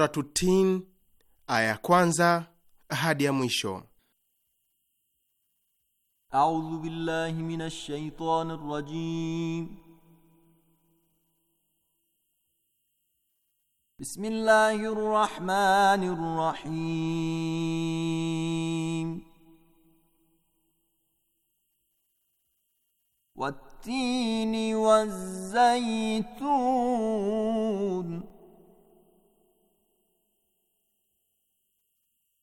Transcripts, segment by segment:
Suratu Tin aya ya kwanza hadi ya mwisho. A'udhu billahi minash shaitani rajim. Bismillahi rahmani rahim. والتين والزيتون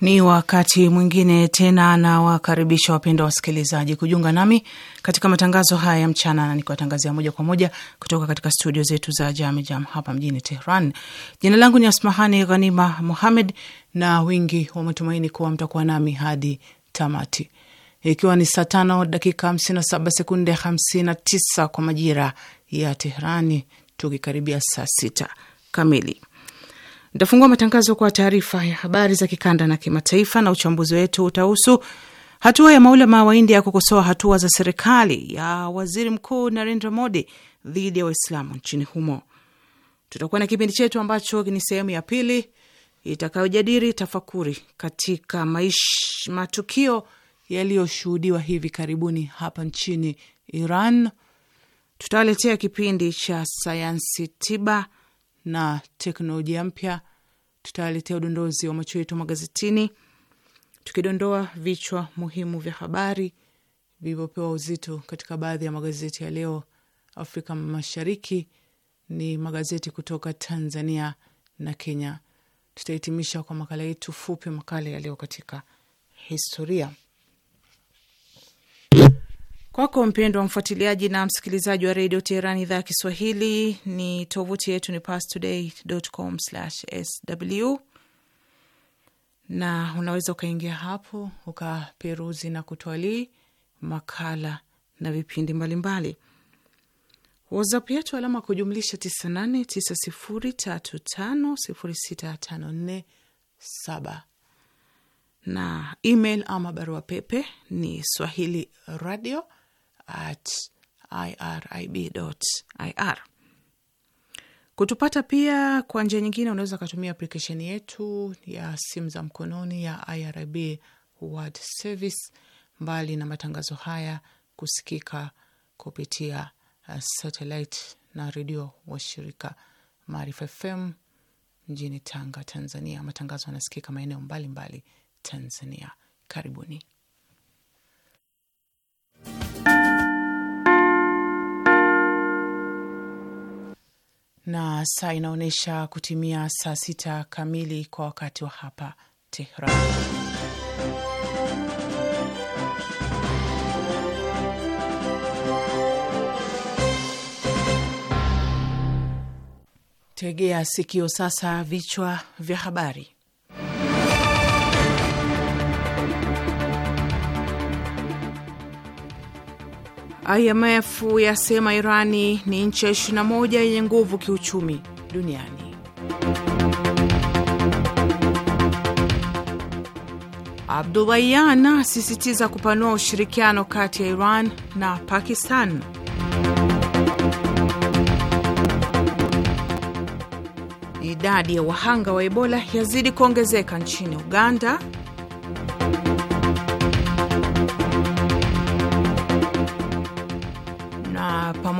Ni wakati mwingine tena na wakaribisha wapendwa wasikilizaji kujiunga nami katika matangazo haya ya mchana, na nikiwatangazia moja kwa moja kutoka katika studio zetu za Jamjam hapa mjini Tehran. Jina langu ni Asmahani Ghanima Muhamed, na wingi wa matumaini kuwa mtakuwa nami hadi tamati, ikiwa ni saa tano dakika 57 sekunde 59 kwa majira ya Teherani, tukikaribia saa sita kamili Nitafungua matangazo kwa taarifa ya habari za kikanda na kimataifa, na uchambuzi wetu utahusu hatua ya maulama wa India ya kukosoa hatua za serikali ya waziri mkuu Narendra Modi dhidi ya Waislamu nchini humo. Tutakuwa na kipindi chetu ambacho ni sehemu ya pili itakayojadili tafakuri katika maish, matukio yaliyoshuhudiwa hivi karibuni hapa nchini Iran. Tutawaletea kipindi cha sayansi tiba na teknolojia mpya. tutaletea udondozi wa macho yetu magazetini, tukidondoa vichwa muhimu vya habari vilivyopewa uzito katika baadhi ya magazeti ya leo Afrika Mashariki. Ni magazeti kutoka Tanzania na Kenya. Tutahitimisha kwa makala yetu fupi, makala ya leo katika historia kwako mpendwa mfuatiliaji na msikilizaji wa redio Teheran idhaa ya Kiswahili. Ni tovuti yetu ni pastoday.com/sw, na unaweza ukaingia hapo ukaperuzi na kutwalii makala na vipindi mbalimbali. WhatsApp yetu alama kujumlisha 9890350654 saba na email ama barua pepe ni swahili radio at irib.ir. Kutupata pia kwa njia nyingine, unaweza ukatumia aplikesheni yetu ya simu za mkononi ya IRIB World Service, mbali na matangazo haya kusikika kupitia satelit uh, satellite na redio wa shirika Maarifa FM mjini Tanga, Tanzania. Matangazo yanasikika maeneo mbalimbali Tanzania. Karibuni. na saa inaonyesha kutimia saa sita kamili kwa wakati wa hapa Tehran. Tegea sikio sasa, vichwa vya habari. IMF yasema Irani ni nchi ya 21 yenye nguvu kiuchumi duniani. Abdubayan asisitiza kupanua ushirikiano kati ya Iran na Pakistan. Idadi ya wahanga wa Ebola yazidi kuongezeka nchini Uganda.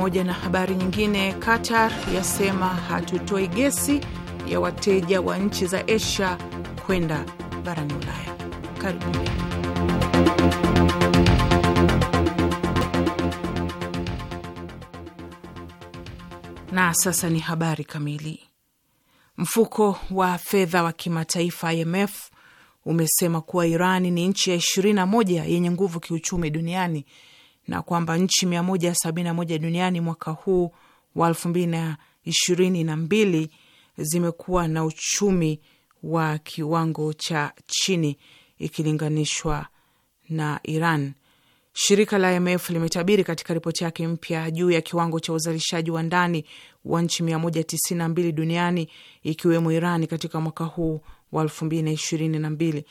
pamoja na habari nyingine, Qatar yasema hatutoi gesi ya wateja wa nchi za Asia kwenda barani Ulaya. Karibuni. Na sasa ni habari kamili. Mfuko wa fedha wa kimataifa IMF umesema kuwa Iran ni nchi ya 21 yenye nguvu kiuchumi duniani na kwamba nchi 171 duniani mwaka huu wa 2022 zimekuwa na uchumi wa kiwango cha chini ikilinganishwa na Iran. Shirika la IMF limetabiri katika ripoti yake mpya juu ya kiwango cha uzalishaji wa ndani wa nchi 192 duniani ikiwemo Iran katika mwaka huu wa 2022.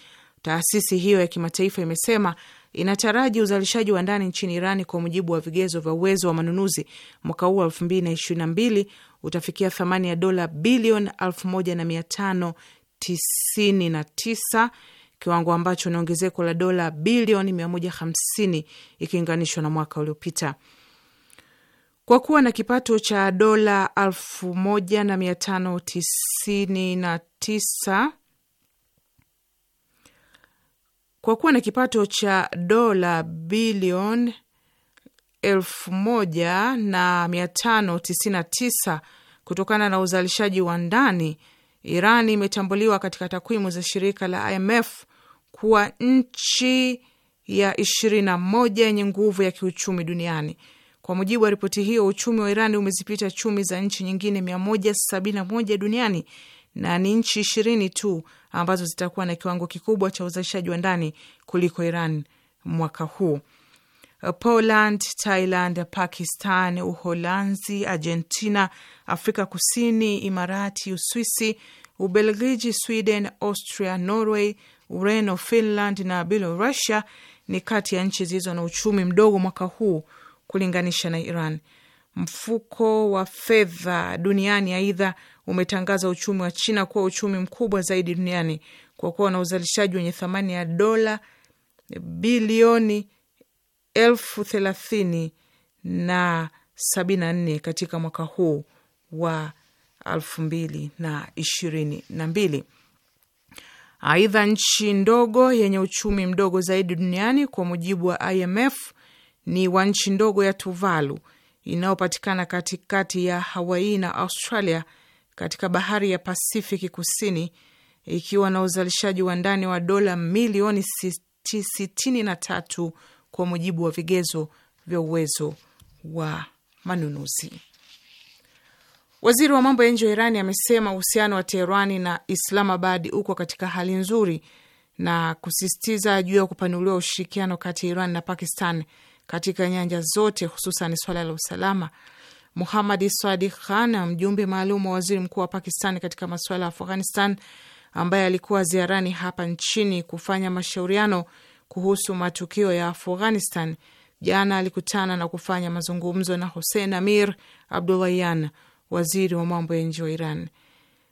Taasisi hiyo ya kimataifa imesema inataraji uzalishaji wa ndani nchini Irani kwa mujibu wa vigezo vya uwezo wa manunuzi mwaka huu wa elfu mbili na ishirini na mbili utafikia thamani ya dola bilioni elfu moja na mia tano tisini na tisa kiwango ambacho ni ongezeko la dola bilioni 150 ikilinganishwa na mwaka uliopita. Kwa kuwa na kipato cha dola 1599 kwa kuwa na kipato cha dola bilioni elfu moja na mia tano tisini na tisa kutokana na uzalishaji wa ndani, Iran imetambuliwa katika takwimu za shirika la IMF kuwa nchi ya 21 yenye nguvu ya kiuchumi duniani. Kwa mujibu wa ripoti hiyo, uchumi wa Iran umezipita chumi za nchi nyingine moja duniani na ni nchi ishirini tu ambazo zitakuwa na kiwango kikubwa cha uzalishaji wa ndani kuliko Iran mwaka huu. Poland, Thailand, Pakistan, Uholanzi, Argentina, Afrika Kusini, Imarati, Uswisi, Ubelgiji, Sweden, Austria, Norway, Ureno, Finland na Belorusia ni kati ya nchi zilizo na uchumi mdogo mwaka huu kulinganisha na Iran. Mfuko wa fedha duniani aidha umetangaza uchumi wa China kuwa uchumi mkubwa zaidi duniani kwa kuwa na uzalishaji wenye thamani ya dola bilioni elfu thelathini na sabini na nne katika mwaka huu wa elfu mbili na ishirini na mbili. Aidha, nchi ndogo yenye uchumi mdogo zaidi duniani kwa mujibu wa IMF ni wa nchi ndogo ya Tuvalu inayopatikana katikati ya Hawaii na Australia katika bahari ya Pasifiki kusini ikiwa na uzalishaji wa ndani wa dola milioni 63 kwa mujibu wa vigezo vya uwezo wa manunuzi. Waziri wa mambo ya nje wa Irani amesema uhusiano wa Teherani na Islamabad uko katika hali nzuri na kusisitiza juu ya kupanuliwa ushirikiano kati ya Iran na Pakistan katika nyanja zote, hususan swala la usalama. Muhamadi Swadi Khan, mjumbe maalum wa waziri mkuu wa Pakistan katika masuala ya Afghanistan, ambaye alikuwa ziarani hapa nchini kufanya mashauriano kuhusu matukio ya Afghanistan, jana alikutana na kufanya mazungumzo na Hussein Amir Abdullahian, waziri wa mambo ya nje wa Iran.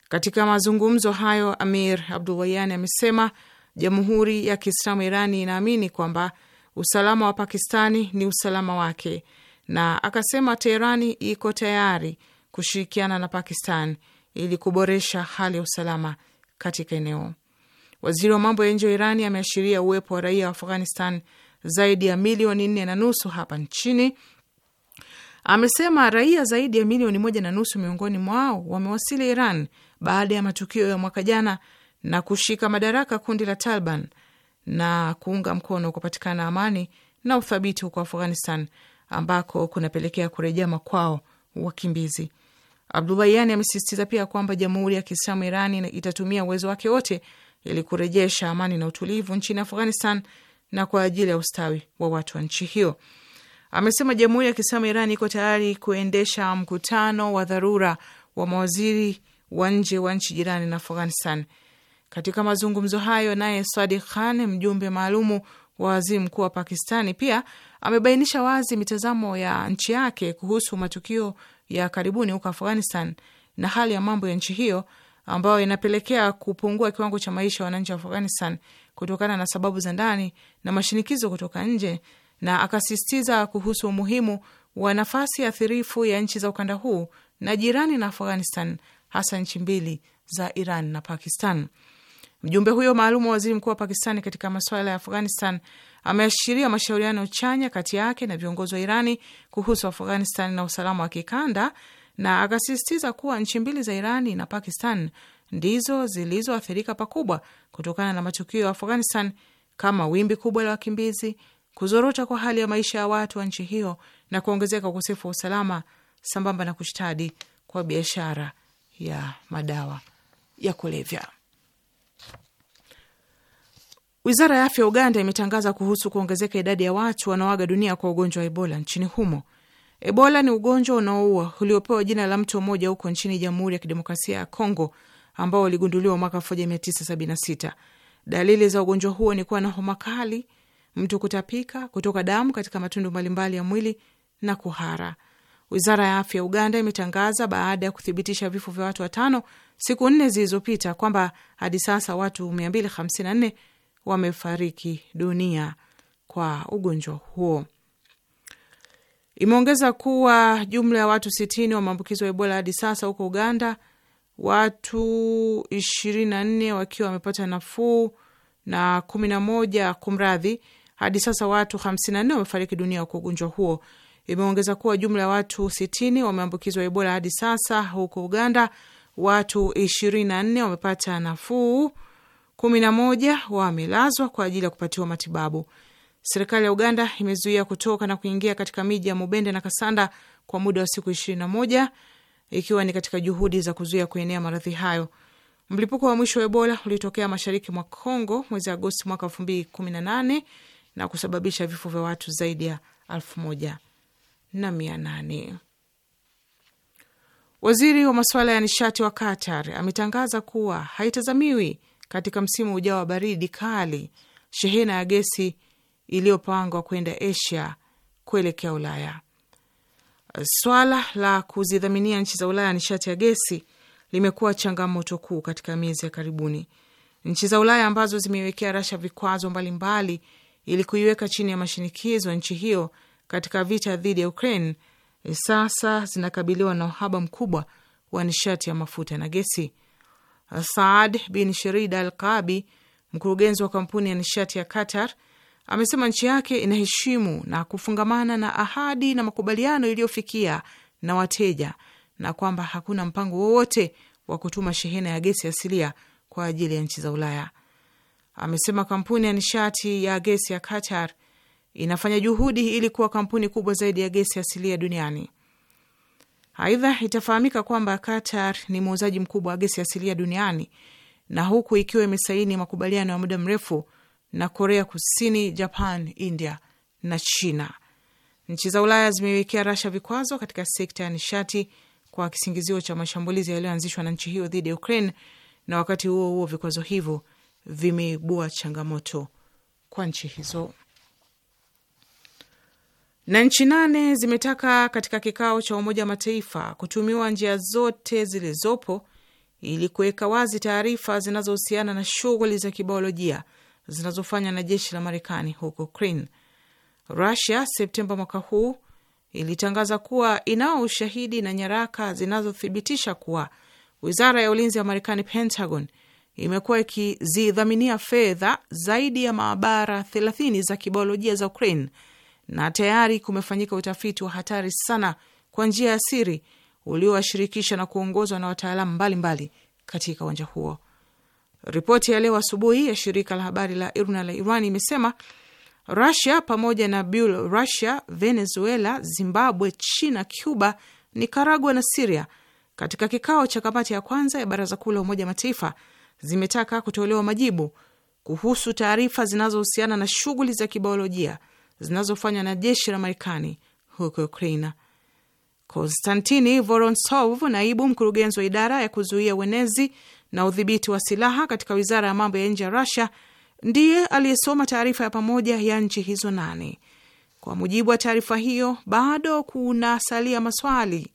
Katika mazungumzo hayo, Amir Abdullahian amesema jamhuri ya Kiislamu Irani inaamini kwamba usalama wa Pakistani ni usalama wake, na akasema Teherani iko tayari kushirikiana na Pakistan ili kuboresha hali ya usalama katika eneo. Waziri wa mambo ya nje wa Irani ameashiria uwepo wa raia wa Afghanistan zaidi ya milioni nne na nusu hapa nchini. Amesema raia zaidi ya milioni moja na nusu miongoni mwao wamewasili Iran baada ya matukio ya mwaka jana na kushika madaraka kundi la Taliban na kuunga mkono kupatikana amani na uthabiti huko Afghanistan ambako kunapelekea kurejea makwao wakimbizi. Abdulayani amesisitiza pia kwamba Jamhuri ya Kiislamu Irani itatumia uwezo wake wote ili kurejesha amani na utulivu nchini Afghanistan na kwa ajili ya ustawi wa watu wa nchi hiyo. Amesema Jamhuri ya Kiislamu Irani iko tayari kuendesha mkutano wa dharura wa mawaziri wa nje wa nchi jirani na Afghanistan katika mazungumzo hayo, naye Sadik Khan, mjumbe maalumu wa waziri mkuu wa Pakistani, pia amebainisha wazi mitazamo ya nchi yake kuhusu matukio ya karibuni huko Afghanistan na hali ya mambo ya nchi hiyo ambayo inapelekea kupungua kiwango cha maisha ya wananchi wa Afghanistan kutokana na sababu za ndani na mashinikizo kutoka nje, na akasisitiza kuhusu umuhimu wa nafasi athirifu ya nchi za ukanda huu na jirani na Afghanistan, hasa nchi mbili za Iran na Pakistan. Mjumbe huyo maalum wa waziri mkuu wa Pakistani katika masuala ya Afghanistan ameashiria mashauriano chanya kati yake na viongozi wa Irani kuhusu Afghanistan na usalama wa kikanda na akasisitiza kuwa nchi mbili za Irani na Pakistan ndizo zilizoathirika pakubwa kutokana na matukio ya Afghanistan kama wimbi kubwa la wakimbizi, kuzorota kwa hali ya maisha ya watu wa nchi hiyo na kuongezeka ukosefu wa usalama sambamba na kushtadi kwa biashara ya madawa ya kulevya. Wizara ya afya ya Uganda imetangaza kuhusu kuongezeka idadi ya watu wanaoaga dunia kwa ugonjwa wa Ebola nchini humo. Ebola ni ugonjwa unaoua uliopewa jina la mtu mmoja huko nchini Jamhuri ya Kidemokrasia ya Kongo, ambao uligunduliwa mwaka 1976. Dalili za ugonjwa huo ni kuwa na homa kali, mtu kutapika, kutoka damu katika matundu mbalimbali ya mwili na kuhara. Wizara ya afya ya Uganda imetangaza baada ya kuthibitisha vifo vya watu watano siku nne zilizopita kwamba hadi sasa watu 254 wamefariki dunia kwa ugonjwa huo. Imeongeza kuwa jumla ya watu sitini wameambukizwa wa Ebola hadi sasa huko Uganda, watu ishirini na nne wakiwa wamepata nafuu na kumi na moja kumradhi, hadi sasa watu hamsini na nne wamefariki dunia kwa ugonjwa huo. Imeongeza kuwa jumla ya watu sitini wameambukizwa Ebola hadi sasa huko Uganda, watu ishirini na nne wamepata nafuu kumi na moja wamelazwa kwa ajili ya kupatiwa matibabu. Serikali ya Uganda imezuia kutoka na kuingia katika miji ya Mubende na Kasanda kwa muda wa siku ishirini na moja ikiwa ni katika juhudi za kuzuia kuenea maradhi hayo. Mlipuko wa mwisho wa Ebola ulitokea mashariki mwa Congo mwezi Agosti mwaka elfu mbili kumi na nane na kusababisha vifo vya watu zaidi ya elfu moja na mia nane. Waziri wa masuala ya nishati wa Qatar ametangaza kuwa haitazamiwi katika msimu ujao wa baridi kali shehena ya gesi iliyopangwa kwenda Asia kuelekea Ulaya. Swala la kuzidhaminia nchi za Ulaya nishati ya gesi limekuwa changamoto kuu katika miezi ya karibuni. Nchi za Ulaya ambazo zimewekea Rasha vikwazo mbalimbali ili kuiweka chini ya mashinikizo nchi hiyo katika vita dhidi ya Ukraine sasa zinakabiliwa na uhaba mkubwa wa nishati ya mafuta na gesi. Saad bin sherid Al Qabi, mkurugenzi wa kampuni ya nishati ya Qatar, amesema nchi yake inaheshimu na kufungamana na ahadi na makubaliano iliyofikia na wateja na kwamba hakuna mpango wowote wa kutuma shehena ya gesi asilia kwa ajili ya nchi za Ulaya. Amesema kampuni ya nishati ya gesi ya Qatar inafanya juhudi ili kuwa kampuni kubwa zaidi ya gesi asilia duniani Aidha, itafahamika kwamba Qatar ni muuzaji mkubwa wa gesi asilia duniani na huku ikiwa imesaini makubaliano ya muda mrefu na Korea Kusini, Japan, India na China. Nchi za Ulaya zimewekea Rasha vikwazo katika sekta ya nishati kwa kisingizio cha mashambulizi yaliyoanzishwa na nchi hiyo dhidi ya Ukraine, na wakati huo huo vikwazo hivyo vimeibua changamoto kwa nchi hizo na nchi nane zimetaka katika kikao cha Umoja wa Mataifa kutumiwa njia zote zilizopo ili kuweka wazi taarifa zinazohusiana na shughuli za kibiolojia zinazofanywa na jeshi la Marekani huko Ukraine. Rusia Septemba mwaka huu ilitangaza kuwa inao ushahidi na nyaraka zinazothibitisha kuwa wizara ya ulinzi ya Marekani, Pentagon, imekuwa ikizidhaminia fedha zaidi ya maabara 30 za kibiolojia za Ukraine na tayari kumefanyika utafiti wa hatari sana kwa njia ya siri uliowashirikisha na kuongozwa na wataalamu mbalimbali katika uwanja huo. Ripoti ya leo asubuhi ya shirika la habari la IRNA la Iran imesema Rusia pamoja na Belarusia, Venezuela, Zimbabwe, China, Cuba, Nikaragua na Siria katika kikao cha kamati ya kwanza ya baraza kuu la Umoja Mataifa zimetaka kutolewa majibu kuhusu taarifa zinazohusiana na shughuli za kibiolojia zinazofanywa na jeshi la Marekani huko Ukraina. Konstantini Voronsov, naibu mkurugenzi wa idara ya kuzuia uenezi na udhibiti wa silaha katika wizara ya mambo ya nje ya Rusia, ndiye aliyesoma taarifa ya pamoja ya nchi hizo nane. Kwa mujibu wa taarifa hiyo, bado kunasalia maswali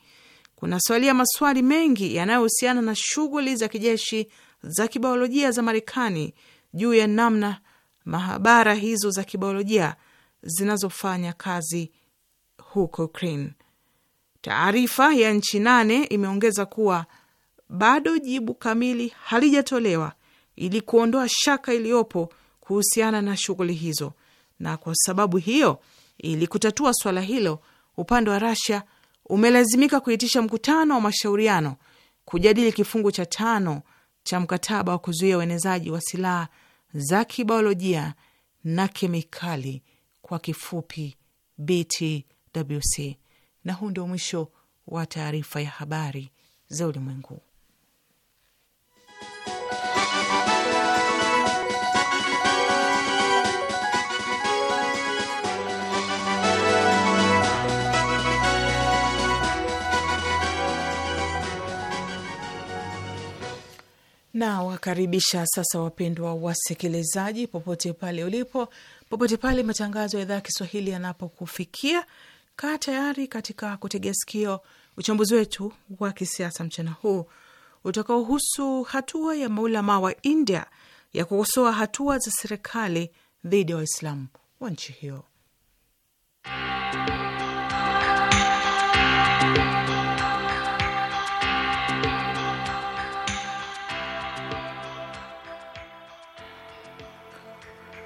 kunasalia maswali mengi yanayohusiana na shughuli za kijeshi za kibiolojia za Marekani juu ya namna mahabara hizo za kibiolojia zinazofanya kazi huko Ukraine. Taarifa ya nchi nane imeongeza kuwa bado jibu kamili halijatolewa ili kuondoa shaka iliyopo kuhusiana na shughuli hizo, na kwa sababu hiyo, ili kutatua swala hilo, upande wa Russia umelazimika kuitisha mkutano wa mashauriano kujadili kifungu cha tano cha mkataba wa kuzuia uenezaji wa silaha za kibiolojia na kemikali kwa kifupi BTWC. Na huu ndio mwisho wa taarifa ya habari za ulimwengu. Na wakaribisha sasa, wapendwa wasikilizaji, popote pale ulipo popote pale matangazo ya idhaa ya Kiswahili yanapokufikia. Kaa tayari katika kutegea sikio uchambuzi wetu wa kisiasa mchana huu utakaohusu hatua ya maulamaa wa India ya kukosoa hatua za serikali dhidi ya Waislamu wa nchi hiyo.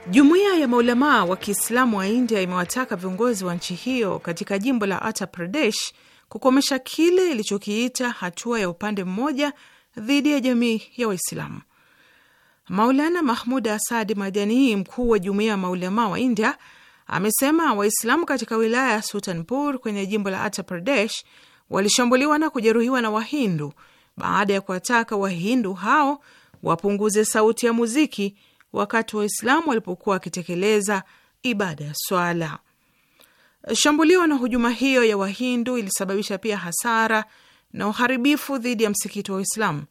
Jumuiya ya maulamaa wa Kiislamu wa India imewataka viongozi wa nchi hiyo katika jimbo la Uttar Pradesh kukomesha kile ilichokiita hatua ya upande mmoja dhidi ya jamii ya Waislamu. Maulana Mahmud Asadi Madani, mkuu wa jumuiya ya maulamaa wa India, amesema Waislamu katika wilaya ya Sultanpur kwenye jimbo la Uttar Pradesh walishambuliwa na kujeruhiwa na Wahindu baada ya kuwataka Wahindu hao wapunguze sauti ya muziki wakati Waislamu walipokuwa wakitekeleza ibada ya swala. Shambulio na hujuma hiyo ya Wahindu ilisababisha pia hasara na uharibifu dhidi ya msikiti wa Waislamu,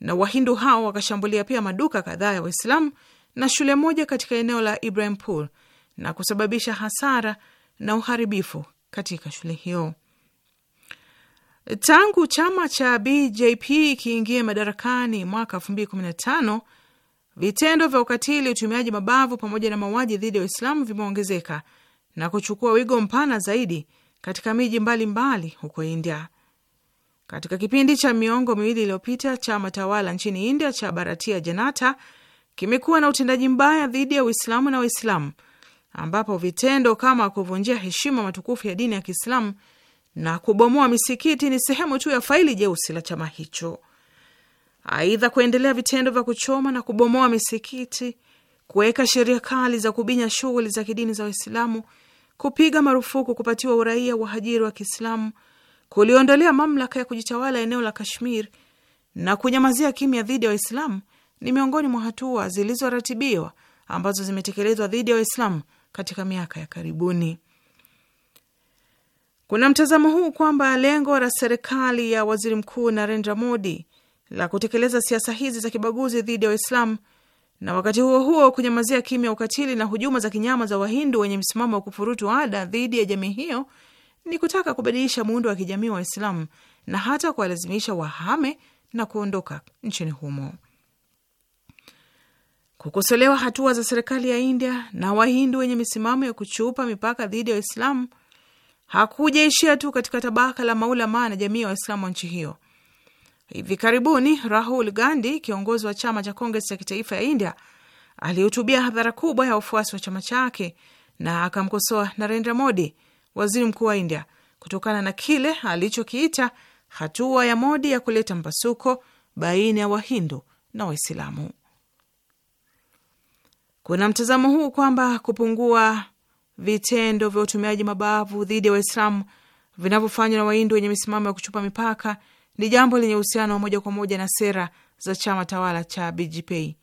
na Wahindu hao wakashambulia pia maduka kadhaa ya Waislamu na shule moja katika eneo la Ibrahimpur na kusababisha hasara na uharibifu katika shule hiyo. Tangu chama cha BJP ikiingia madarakani mwaka tano Vitendo vya ukatili, utumiaji mabavu pamoja na mauaji dhidi ya Waislamu vimeongezeka na kuchukua wigo mpana zaidi katika miji mbalimbali huko India. Katika kipindi cha miongo miwili iliyopita, chama tawala nchini India cha Bharatiya Janata kimekuwa na utendaji mbaya dhidi ya Uislamu na Waislamu, ambapo vitendo kama kuvunjia heshima matukufu ya dini ya Kiislamu na kubomoa misikiti ni sehemu tu ya faili jeusi la chama hicho. Aidha, kuendelea vitendo vya kuchoma na kubomoa misikiti, kuweka sheria kali za kubinya shughuli za kidini za Waislamu, kupiga marufuku kupatiwa uraia wahajiri wa Kiislamu, kuliondolea mamlaka ya kujitawala eneo la Kashmir na kunyamazia kimya dhidi ya Waislamu ni miongoni mwa hatua zilizoratibiwa ambazo zimetekelezwa dhidi ya Waislamu katika miaka ya karibuni. Kuna mtazamo huu kwamba lengo la serikali ya waziri mkuu Narendra Modi la kutekeleza siasa hizi za kibaguzi dhidi ya Waislamu na wakati huo huo kunyamazia kimya ukatili na hujuma za kinyama za Wahindu wenye msimamo wa kufurutu ada dhidi ya jamii hiyo ni kutaka kubadilisha muundo wa kijamii wa Waislamu na hata kuwalazimisha wahame na kuondoka nchini humo. Kukosolewa hatua za serikali ya India na Wahindu wenye misimamo ya kuchupa mipaka dhidi ya Waislamu hakujaishia tu katika tabaka la maulamaa na jamii ya wa Waislamu wa nchi hiyo, Hivi karibuni Rahul Gandhi, kiongozi wa chama cha Kongres ya kitaifa ya India, alihutubia hadhara kubwa ya wafuasi wa chama chake na akamkosoa Narendra Modi, waziri mkuu wa India, kutokana na kile alichokiita hatua ya Modi ya kuleta mpasuko baina ya Wahindu na Waislamu. Kuna mtazamo huu kwamba kupungua vitendo vya utumiaji mabavu dhidi ya Waislamu vinavyofanywa na Wahindu wenye misimamo ya kuchupa mipaka ni jambo lenye uhusiano wa moja kwa moja na sera za chama tawala cha BJP.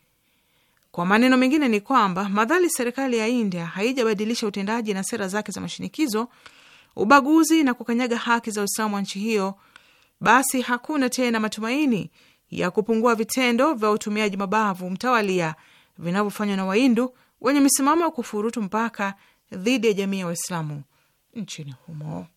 Kwa maneno mengine ni kwamba madhali serikali ya India haijabadilisha utendaji na sera zake za mashinikizo, ubaguzi na kukanyaga haki za Waislamu wa nchi hiyo, basi hakuna tena matumaini ya kupungua vitendo vya utumiaji mabavu mtawalia vinavyofanywa na Wahindu wenye misimamo ya kufurutu mpaka dhidi ya jamii ya Waislamu nchini humo.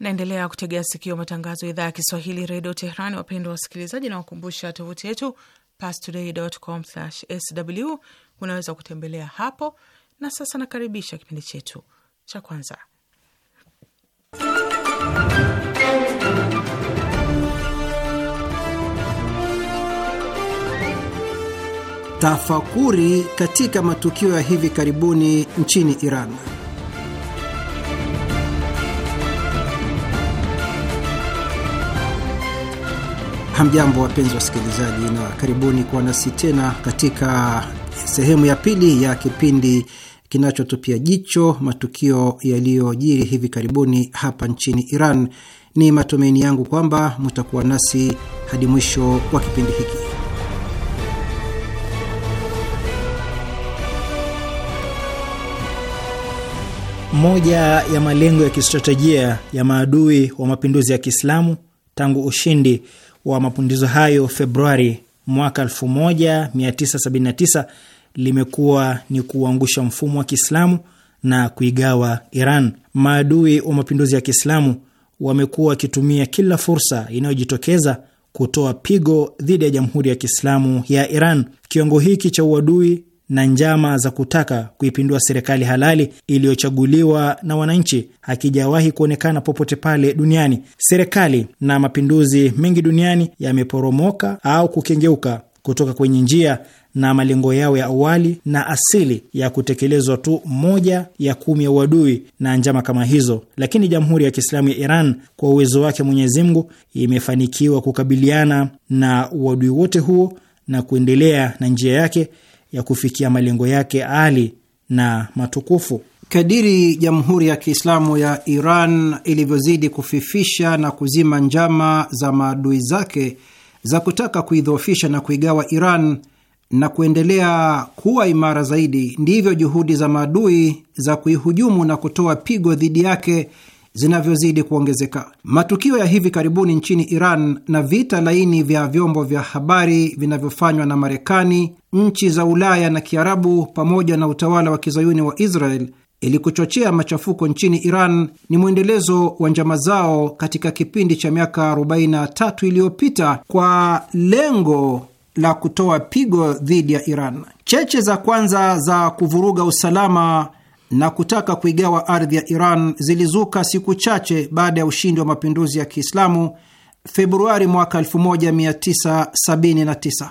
Naendelea kutegea sikio matangazo ya idhaa ya Kiswahili redio Tehran. Wapendwa wasikilizaji, na wakumbusha tovuti yetu pastoday.com/sw, unaweza kutembelea hapo. Na sasa nakaribisha kipindi chetu cha kwanza tafakuri katika matukio ya hivi karibuni nchini Iran. Hamjambo, wapenzi wasikilizaji, na karibuni kuwa nasi tena katika sehemu ya pili ya kipindi kinachotupia jicho matukio yaliyojiri hivi karibuni hapa nchini Iran. Ni matumaini yangu kwamba mutakuwa nasi hadi mwisho wa kipindi hiki. Moja ya malengo ya kistratejia ya maadui wa mapinduzi ya Kiislamu tangu ushindi wa mapinduzi hayo Februari mwaka 1979 limekuwa ni kuuangusha mfumo wa Kiislamu na kuigawa Iran. Maadui wa mapinduzi ya Kiislamu wamekuwa wakitumia kila fursa inayojitokeza kutoa pigo dhidi ya Jamhuri ya Kiislamu ya Iran. Kiwango hiki cha uadui na njama za kutaka kuipindua serikali halali iliyochaguliwa na wananchi hakijawahi kuonekana popote pale duniani. Serikali na mapinduzi mengi duniani yameporomoka au kukengeuka kutoka kwenye njia na malengo yao ya awali na asili ya kutekelezwa tu moja ya kumi ya uadui na njama kama hizo. Lakini Jamhuri ya Kiislamu ya Iran kwa uwezo wake Mwenyezi Mungu imefanikiwa kukabiliana na uadui wote huo na kuendelea na njia yake ya kufikia malengo yake ali na matukufu. Kadiri Jamhuri ya Kiislamu ya Iran ilivyozidi kufifisha na kuzima njama za maadui zake za kutaka kuidhoofisha na kuigawa Iran na kuendelea kuwa imara zaidi, ndivyo juhudi za maadui za kuihujumu na kutoa pigo dhidi yake zinavyozidi kuongezeka. Matukio ya hivi karibuni nchini Iran na vita laini vya vyombo vya habari vinavyofanywa na Marekani, nchi za Ulaya na Kiarabu pamoja na utawala wa kizayuni wa Israel ili kuchochea machafuko nchini Iran ni mwendelezo wa njama zao katika kipindi cha miaka 43 iliyopita kwa lengo la kutoa pigo dhidi ya Iran. Cheche za kwanza za kuvuruga usalama na kutaka kuigawa ardhi ya Iran zilizuka siku chache baada ya ushindi wa mapinduzi ya Kiislamu Februari mwaka 1979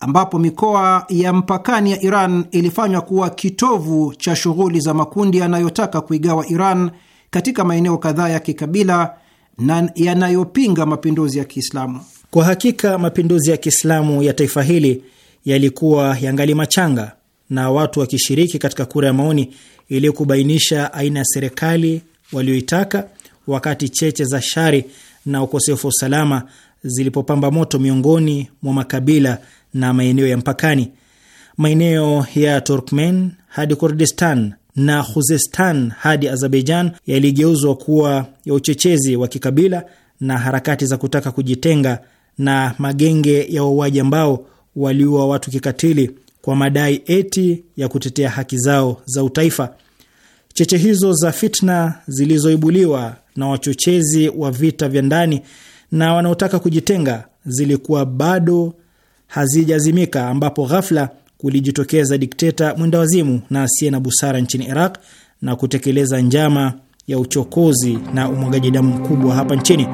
ambapo mikoa ya mpakani ya Iran ilifanywa kuwa kitovu cha shughuli za makundi yanayotaka kuigawa Iran katika maeneo kadhaa ya kikabila na yanayopinga mapinduzi ya Kiislamu. Kwa hakika mapinduzi ya Kiislamu ya taifa hili yalikuwa yangali machanga na watu wakishiriki katika kura ya maoni ili kubainisha aina ya serikali walioitaka, wakati cheche za shari na ukosefu wa usalama zilipopamba moto miongoni mwa makabila na maeneo ya mpakani. Maeneo ya Turkmen hadi Kurdistan na Khuzestan hadi Azerbaijan yaligeuzwa kuwa ya uchechezi wa kikabila na harakati za kutaka kujitenga na magenge ya wauaji ambao waliua watu kikatili kwa madai eti ya kutetea haki zao za utaifa. Cheche hizo za fitna zilizoibuliwa na wachochezi wa vita vya ndani na wanaotaka kujitenga zilikuwa bado hazijazimika, ambapo ghafla kulijitokeza dikteta mwendawazimu na asiye na busara nchini Iraq na kutekeleza njama ya uchokozi na umwagaji damu mkubwa hapa nchini.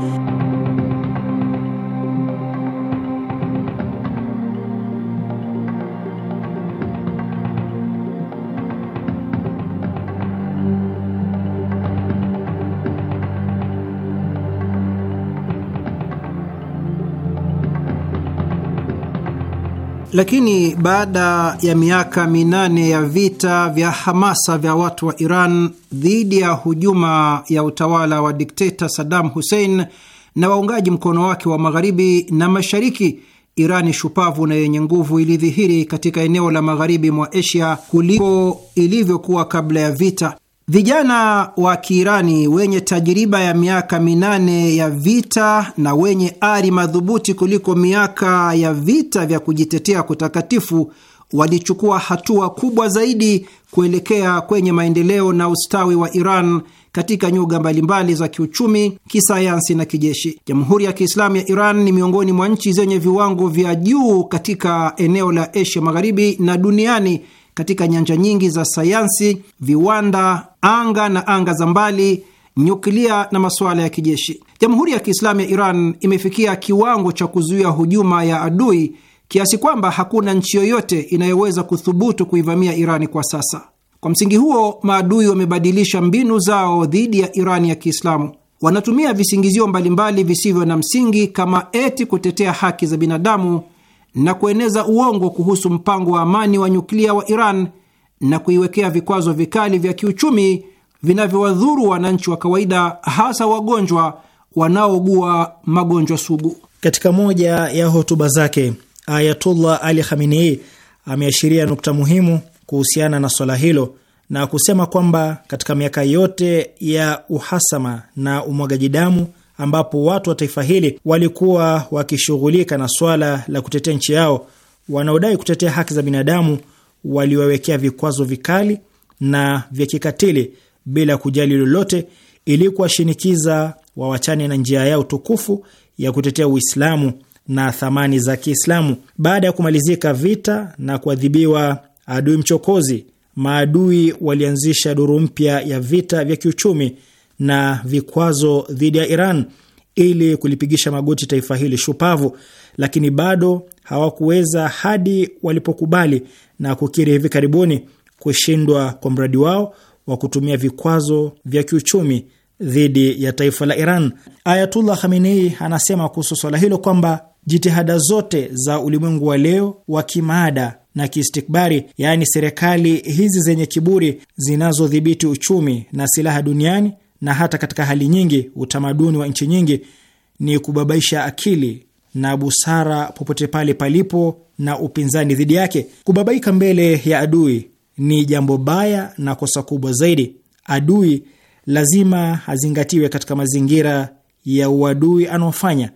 Lakini baada ya miaka minane ya vita vya hamasa vya watu wa Iran dhidi ya hujuma ya utawala wa dikteta Saddam Hussein na waungaji mkono wake wa magharibi na mashariki, Irani shupavu na yenye nguvu ilidhihiri katika eneo la magharibi mwa Asia kuliko ilivyokuwa kabla ya vita, Vijana wa Kiirani wenye tajiriba ya miaka minane ya vita na wenye ari madhubuti kuliko miaka ya vita vya kujitetea kutakatifu walichukua hatua kubwa zaidi kuelekea kwenye maendeleo na ustawi wa Iran katika nyuga mbalimbali za kiuchumi, kisayansi na kijeshi. Jamhuri ya Kiislamu ya Iran ni miongoni mwa nchi zenye viwango vya juu katika eneo la Asia Magharibi na duniani katika nyanja nyingi za sayansi, viwanda, anga na anga za mbali, nyuklia na masuala ya kijeshi. Jamhuri ya Kiislamu ya Iran imefikia kiwango cha kuzuia hujuma ya adui kiasi kwamba hakuna nchi yoyote inayoweza kuthubutu kuivamia Irani kwa sasa. Kwa msingi huo, maadui wamebadilisha mbinu zao dhidi ya Irani ya Kiislamu. Wanatumia visingizio mbalimbali visivyo na msingi kama eti kutetea haki za binadamu na kueneza uongo kuhusu mpango wa amani wa nyuklia wa Iran na kuiwekea vikwazo vikali vya kiuchumi vinavyowadhuru wananchi wa kawaida, hasa wagonjwa wanaougua magonjwa sugu. Katika moja ya hotuba zake, Ayatullah Ali Khamenei ameashiria nukta muhimu kuhusiana na swala hilo na kusema kwamba katika miaka yote ya uhasama na umwagaji damu ambapo watu wa taifa hili walikuwa wakishughulika na swala la kutetea nchi yao, wanaodai kutetea haki za binadamu waliwawekea vikwazo vikali na vya kikatili bila kujali lolote, ili kuwashinikiza wawachane na njia yao tukufu ya kutetea Uislamu na thamani za Kiislamu. Baada ya kumalizika vita na kuadhibiwa adui mchokozi, maadui walianzisha duru mpya ya vita vya kiuchumi na vikwazo dhidi ya Iran ili kulipigisha magoti taifa hili shupavu, lakini bado hawakuweza hadi walipokubali na kukiri hivi karibuni kushindwa kwa mradi wao wa kutumia vikwazo vya kiuchumi dhidi ya taifa la Iran. Ayatullah Khamenei anasema kuhusu swala hilo kwamba jitihada zote za ulimwengu wa leo wa kimaada na kiistikbari, yaani serikali hizi zenye kiburi zinazodhibiti uchumi na silaha duniani na hata katika hali nyingi, utamaduni wa nchi nyingi ni kubabaisha akili na busara popote pale palipo na upinzani dhidi yake. Kubabaika mbele ya adui ni jambo baya na kosa kubwa zaidi. Adui lazima azingatiwe katika mazingira ya uadui anaofanya,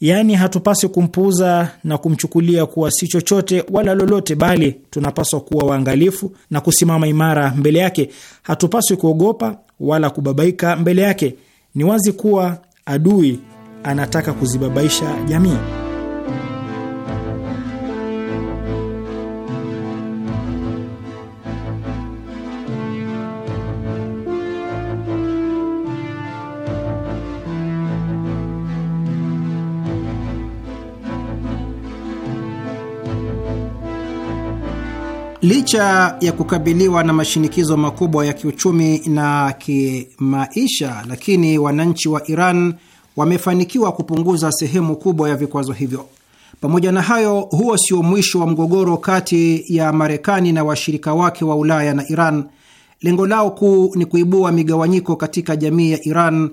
yaani hatupaswi kumpuuza na kumchukulia kuwa si chochote wala lolote, bali tunapaswa kuwa waangalifu na kusimama imara mbele yake. Hatupaswi kuogopa wala kubabaika mbele yake. Ni wazi kuwa adui anataka kuzibabaisha jamii. Licha ya kukabiliwa na mashinikizo makubwa ya kiuchumi na kimaisha, lakini wananchi wa Iran wamefanikiwa kupunguza sehemu kubwa ya vikwazo hivyo. Pamoja na hayo, huo sio mwisho wa mgogoro kati ya Marekani na washirika wake wa Ulaya na Iran. Lengo lao kuu ni kuibua migawanyiko katika jamii ya Iran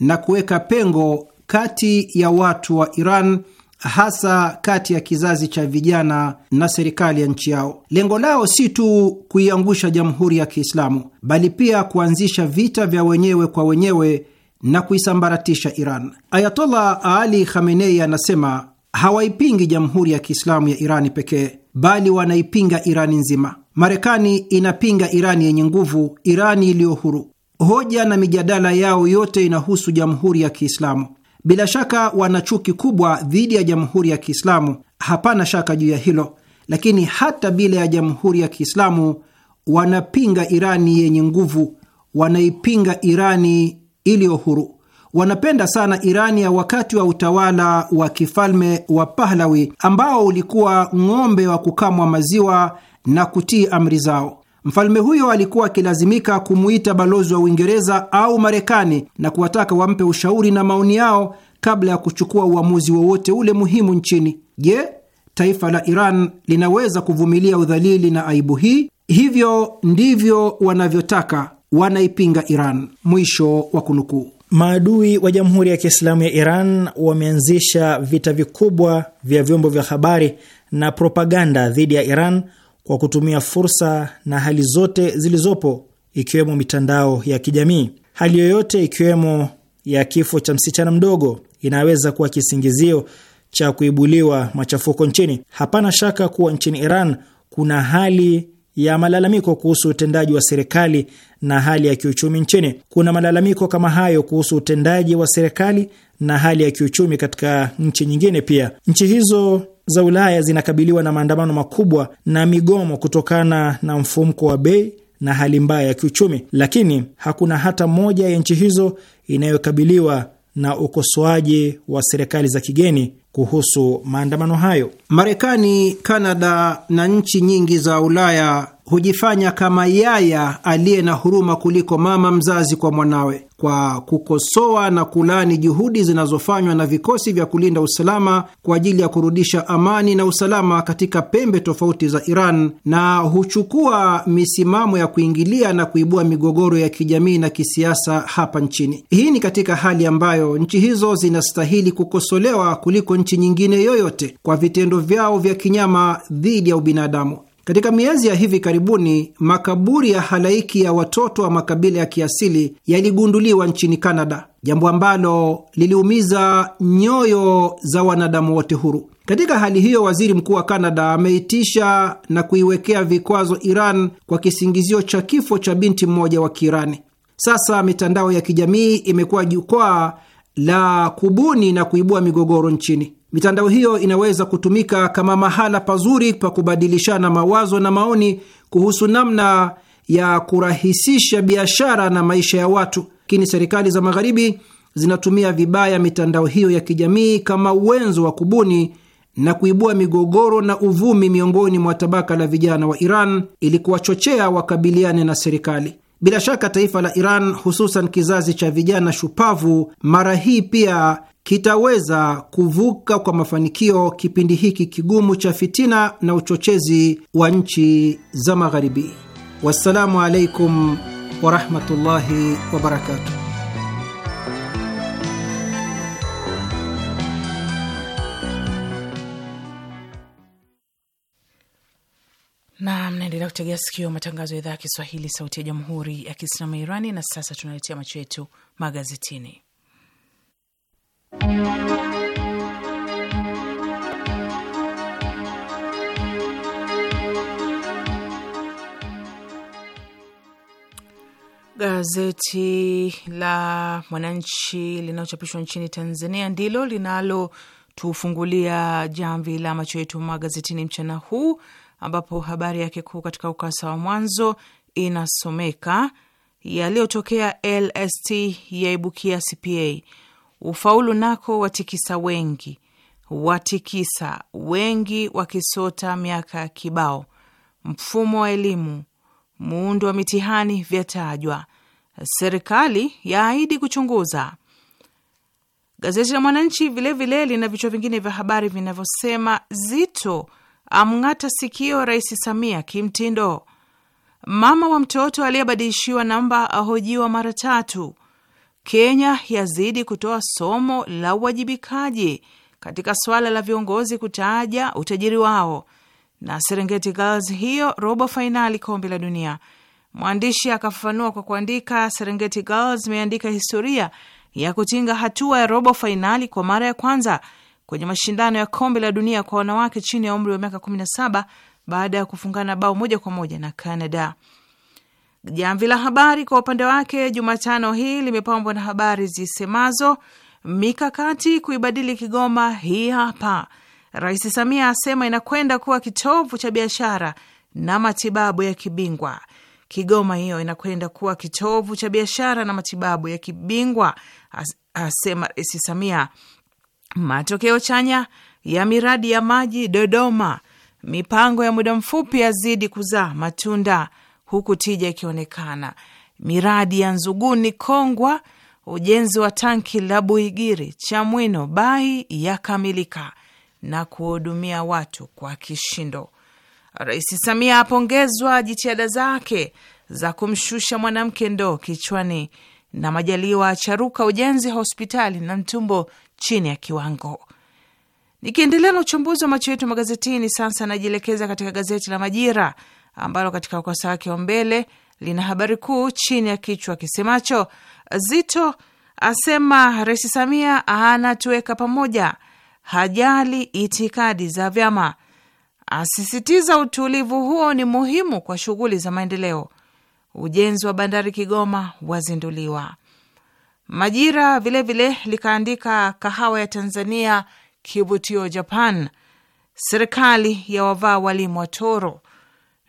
na kuweka pengo kati ya watu wa Iran hasa kati ya kizazi cha vijana na serikali ya nchi yao. Lengo lao si tu kuiangusha jamhuri ya Kiislamu, bali pia kuanzisha vita vya wenyewe kwa wenyewe na kuisambaratisha Iran. Ayatollah Ali Khamenei anasema hawaipingi jamhuri ya Kiislamu ya Irani pekee, bali wanaipinga Irani nzima. Marekani inapinga Irani yenye nguvu, Irani iliyo huru. Hoja na mijadala yao yote inahusu jamhuri ya Kiislamu. Bila shaka wana chuki kubwa dhidi ya Jamhuri ya Kiislamu, hapana shaka juu ya hilo, lakini hata bila ya Jamhuri ya Kiislamu wanapinga Irani yenye nguvu, wanaipinga Irani iliyo huru. Wanapenda sana Irani ya wakati wa utawala wa kifalme wa Pahlawi ambao ulikuwa ng'ombe wa kukamwa maziwa na kutii amri zao. Mfalme huyo alikuwa akilazimika kumuita balozi wa Uingereza au Marekani na kuwataka wampe ushauri na maoni yao kabla ya kuchukua uamuzi wowote ule muhimu nchini. Je, taifa la Iran linaweza kuvumilia udhalili na aibu hii? Hivyo ndivyo wanavyotaka, wanaipinga Iran. Mwisho wa kunukuu. Maadui wa Jamhuri ya Kiislamu ya Iran wameanzisha vita vikubwa vya vyombo vya habari na propaganda dhidi ya Iran kwa kutumia fursa na hali zote zilizopo ikiwemo mitandao ya kijamii. Hali yoyote ikiwemo ya kifo cha msichana mdogo inaweza kuwa kisingizio cha kuibuliwa machafuko nchini. Hapana shaka kuwa nchini Iran kuna hali ya malalamiko kuhusu utendaji wa serikali na hali ya kiuchumi nchini. Kuna malalamiko kama hayo kuhusu utendaji wa serikali na hali ya kiuchumi katika nchi nyingine pia. Nchi hizo za Ulaya zinakabiliwa na maandamano makubwa na migomo kutokana na mfumko wa bei na hali mbaya ya kiuchumi, lakini hakuna hata moja ya nchi hizo inayokabiliwa na ukosoaji wa serikali za kigeni kuhusu maandamano hayo. Marekani, Kanada na nchi nyingi za Ulaya hujifanya kama yaya aliye na huruma kuliko mama mzazi kwa mwanawe, kwa kukosoa na kulaani juhudi zinazofanywa na vikosi vya kulinda usalama kwa ajili ya kurudisha amani na usalama katika pembe tofauti za Iran, na huchukua misimamo ya kuingilia na kuibua migogoro ya kijamii na kisiasa hapa nchini. Hii ni katika hali ambayo nchi hizo zinastahili kukosolewa kuliko nchi nyingine yoyote kwa vitendo vyao vya kinyama dhidi ya ubinadamu. Katika miezi ya hivi karibuni makaburi ya halaiki ya watoto wa makabila ya kiasili yaligunduliwa nchini Kanada, jambo ambalo liliumiza nyoyo za wanadamu wote huru. Katika hali hiyo, waziri mkuu wa Kanada ameitisha na kuiwekea vikwazo Iran kwa kisingizio cha kifo cha binti mmoja wa Kiirani. Sasa mitandao ya kijamii imekuwa jukwaa la kubuni na kuibua migogoro nchini. Mitandao hiyo inaweza kutumika kama mahala pazuri pa kubadilishana mawazo na maoni kuhusu namna ya kurahisisha biashara na maisha ya watu, lakini serikali za Magharibi zinatumia vibaya mitandao hiyo ya kijamii kama uwenzo wa kubuni na kuibua migogoro na uvumi miongoni mwa tabaka la vijana wa Iran ili kuwachochea wakabiliane na serikali. Bila shaka taifa la Iran, hususan kizazi cha vijana shupavu, mara hii pia kitaweza kuvuka kwa mafanikio kipindi hiki kigumu cha fitina na uchochezi wa nchi za Magharibi. Wassalamu alaikum warahmatullahi wabarakatuh. na mnaendelea kutegea sikio matangazo ya idhaa ya Kiswahili, sauti ya jamhuri ya kiislamu ya Irani. Na sasa tunaletea macho yetu magazetini. Gazeti la Mwananchi linalochapishwa nchini Tanzania ndilo linalotufungulia jamvi la macho yetu magazetini mchana huu, ambapo habari yake kuu katika ukasa wa mwanzo inasomeka yaliyotokea LST yaibukia CPA ufaulu nako watikisa wengi, watikisa wengi wakisota miaka kibao. Mfumo wa elimu, muundo wa mitihani vyatajwa. Serikali yaahidi kuchunguza. Gazeti la Mwananchi vilevile lina vichwa vingine vya habari vinavyosema: Zito amng'ata sikio Rais Samia kimtindo, mama wa mtoto aliyebadilishiwa namba ahojiwa mara tatu, Kenya yazidi kutoa somo la uwajibikaji katika swala la viongozi kutaja utajiri wao, na Serengeti Girls hiyo robo fainali kombe la dunia. Mwandishi akafafanua kwa kuandika, Serengeti Girls imeandika historia ya kutinga hatua ya robo fainali kwa mara ya kwanza kwenye mashindano ya kombe la dunia kwa wanawake chini ya umri wa miaka 17 baada ya kufungana bao moja kwa moja na Canada. Jamvi la Habari kwa upande wake Jumatano hii limepambwa na habari zisemazo mikakati kuibadili Kigoma. Hii hapa, Rais Samia asema inakwenda kuwa kitovu cha biashara na matibabu ya kibingwa. Kigoma hiyo inakwenda kuwa kitovu cha biashara na matibabu ya kibingwa, asema Rais Samia. Matokeo chanya ya miradi ya maji Dodoma, mipango ya muda mfupi yazidi kuzaa matunda huku tija ikionekana. Miradi ya Nzuguni, Kongwa, ujenzi wa tanki la Buigiri, Chamwino, Bai yakamilika na kuhudumia watu kwa kishindo. Rais Samia apongezwa jitihada zake za kumshusha mwanamke ndoo kichwani, na Majaliwa acharuka ujenzi hospitali na Mtumbo chini ya kiwango. Nikiendelea na uchambuzi wa macho yetu magazetini, sasa najielekeza katika gazeti la Majira ambalo katika ukurasa wake wa mbele lina habari kuu chini ya kichwa kisemacho Zito asema Rais Samia anatuweka pamoja, hajali itikadi za vyama, asisitiza utulivu huo ni muhimu kwa shughuli za maendeleo. Ujenzi wa bandari Kigoma wazinduliwa. Majira vilevile vile likaandika kahawa ya Tanzania kivutio Japan, serikali ya wavaa walimu watoro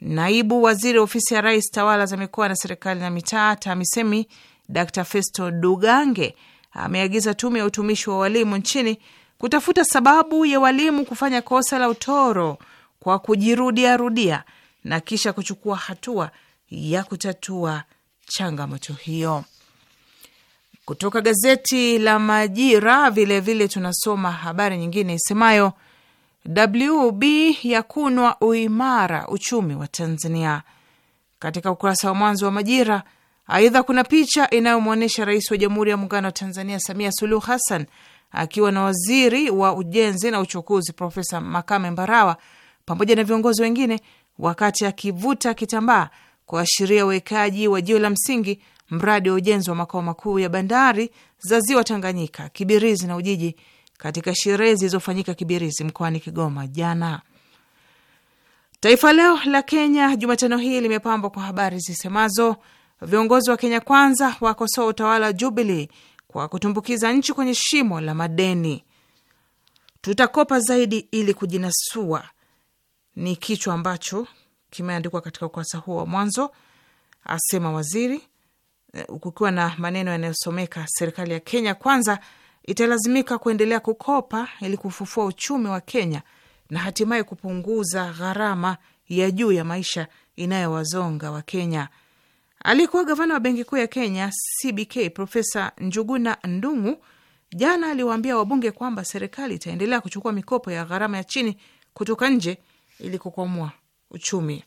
Naibu waziri ofisi ya rais tawala za mikoa na serikali na mitaa TAMISEMI Dr Festo Dugange ameagiza tume ya utumishi wa walimu nchini kutafuta sababu ya walimu kufanya kosa la utoro kwa kujirudia rudia na kisha kuchukua hatua ya kutatua changamoto hiyo. Kutoka gazeti la Majira vilevile vile tunasoma habari nyingine isemayo WB ya kunwa uimara uchumi wa Tanzania katika ukurasa wa mwanzo wa Majira. Aidha, kuna picha inayomwonyesha Rais wa Jamhuri ya Muungano wa Tanzania Samia Suluhu Hassan akiwa na waziri wa ujenzi na uchukuzi Profesa Makame Mbarawa pamoja na viongozi wengine wakati akivuta kitambaa kuashiria uwekaji wa jiwe la msingi mradi wa ujenzi wa makao makuu ya bandari za ziwa Tanganyika, Kibirizi na Ujiji katika sherehe zilizofanyika Kibirizi mkoani Kigoma jana. Taifa Leo la Kenya Jumatano hii limepambwa kwa habari zisemazo viongozi wa Kenya Kwanza wakosoa utawala wa Jubilee kwa kutumbukiza nchi kwenye shimo la madeni. Tutakopa zaidi ili kujinasua, ni kichwa ambacho kimeandikwa katika ukurasa huo wa mwanzo, asema waziri, eh, kukiwa na maneno yanayosomeka serikali ya Kenya Kwanza italazimika kuendelea kukopa ili kufufua uchumi wa Kenya na hatimaye kupunguza gharama ya juu ya maisha inayowazonga wa Kenya. Aliyekuwa gavana wa benki kuu ya Kenya CBK Profesa Njuguna Ndung'u jana aliwaambia wabunge kwamba serikali itaendelea kuchukua mikopo ya gharama ya chini kutoka nje ili kukwamua uchumi.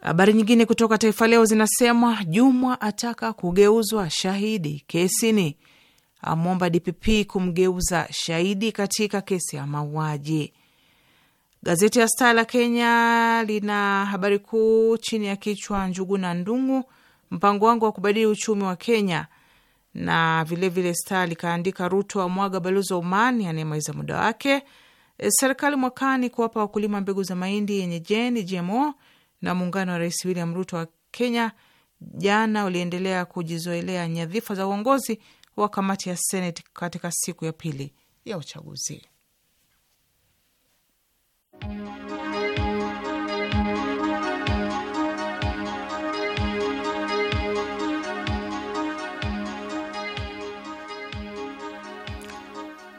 Habari nyingine kutoka Taifa Leo zinasema Jumwa ataka kugeuzwa shahidi kesini, amwomba DPP kumgeuza shahidi katika kesi ya mauaji. Gazeti ya Star la Kenya lina habari kuu chini ya kichwa na Ndung'u, mpango wangu wa kubadili uchumi wa Kenya, na vilevile Star likaandika Ruto amwaga balozi wa Umani anayemaliza muda wake, e, serikali mwakani kuwapa wakulima mbegu za mahindi yenye jeni GMO na muungano wa Rais William Ruto wa Kenya jana uliendelea kujizoelea nyadhifa za uongozi wa kamati ya Seneti katika siku ya pili ya uchaguzi.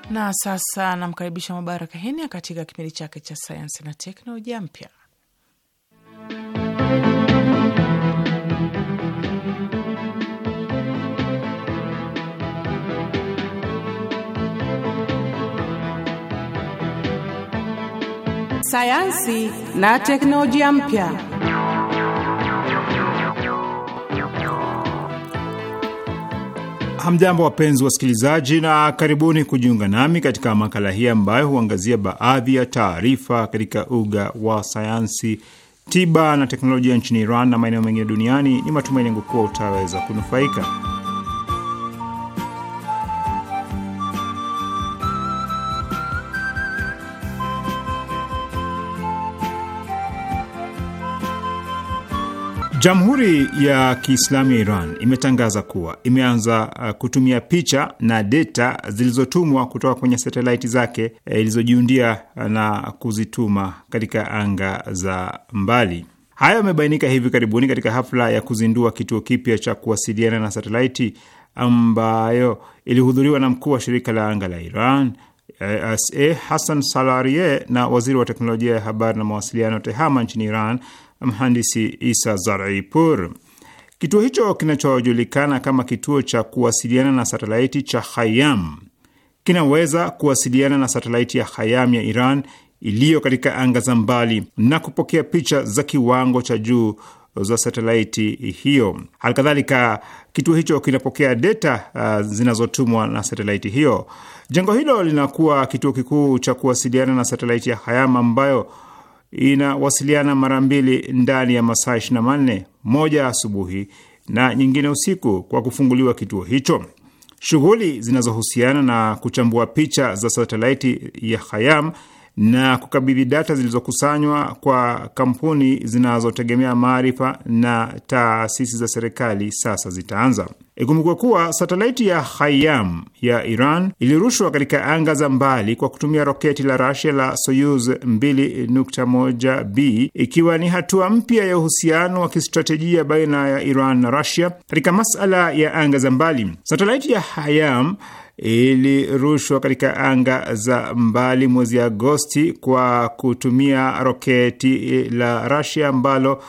Na sasa namkaribisha Mubaraka Henia katika kipindi chake cha sayansi na teknolojia mpya. Sayansi na teknolojia mpya. Hamjambo, wapenzi wasikilizaji, na karibuni kujiunga nami katika makala hii ambayo huangazia baadhi ya taarifa katika uga wa sayansi tiba na teknolojia nchini Iran na maeneo mengine duniani, ni matumaini yangu kuwa utaweza kunufaika. Jamhuri ya Kiislamu ya Iran imetangaza kuwa imeanza uh, kutumia picha na data zilizotumwa kutoka kwenye satelaiti zake eh, ilizojiundia na kuzituma katika anga za mbali. Hayo yamebainika hivi karibuni katika hafla ya kuzindua kituo kipya cha kuwasiliana na satelaiti ambayo ilihudhuriwa na mkuu wa shirika la anga la Iran ISA eh, eh, Hassan Salarie na waziri wa teknolojia ya habari na mawasiliano TEHAMA nchini Iran mhandisi Isa Zaraipur. Kituo hicho kinachojulikana kama kituo cha kuwasiliana na satelaiti cha Hayam kinaweza kuwasiliana na satelaiti ya Hayam ya Iran iliyo katika anga za mbali na kupokea picha za kiwango cha juu za satelaiti hiyo. Halikadhalika, kituo hicho kinapokea data uh, zinazotumwa na satelaiti hiyo. Jengo hilo linakuwa kituo kikuu cha kuwasiliana na satelaiti ya Hayam ambayo inawasiliana mara mbili ndani ya masaa 24, moja asubuhi na nyingine usiku, kwa kufunguliwa kituo hicho. Shughuli zinazohusiana na kuchambua picha za satelaiti ya Hayam na kukabidhi data zilizokusanywa kwa kampuni zinazotegemea maarifa na taasisi za serikali sasa zitaanza. Ikumbukwe kuwa satelaiti ya Hayam ya Iran ilirushwa katika anga za mbali kwa kutumia roketi la Rasia la Soyuz 2.1b ikiwa ni hatua mpya ya uhusiano wa kistratejia baina ya Iran na Rasia katika masala ya anga za mbali. Satelaiti ya Hayam ilirushwa katika anga za mbali mwezi Agosti kwa kutumia roketi la Rasia ambalo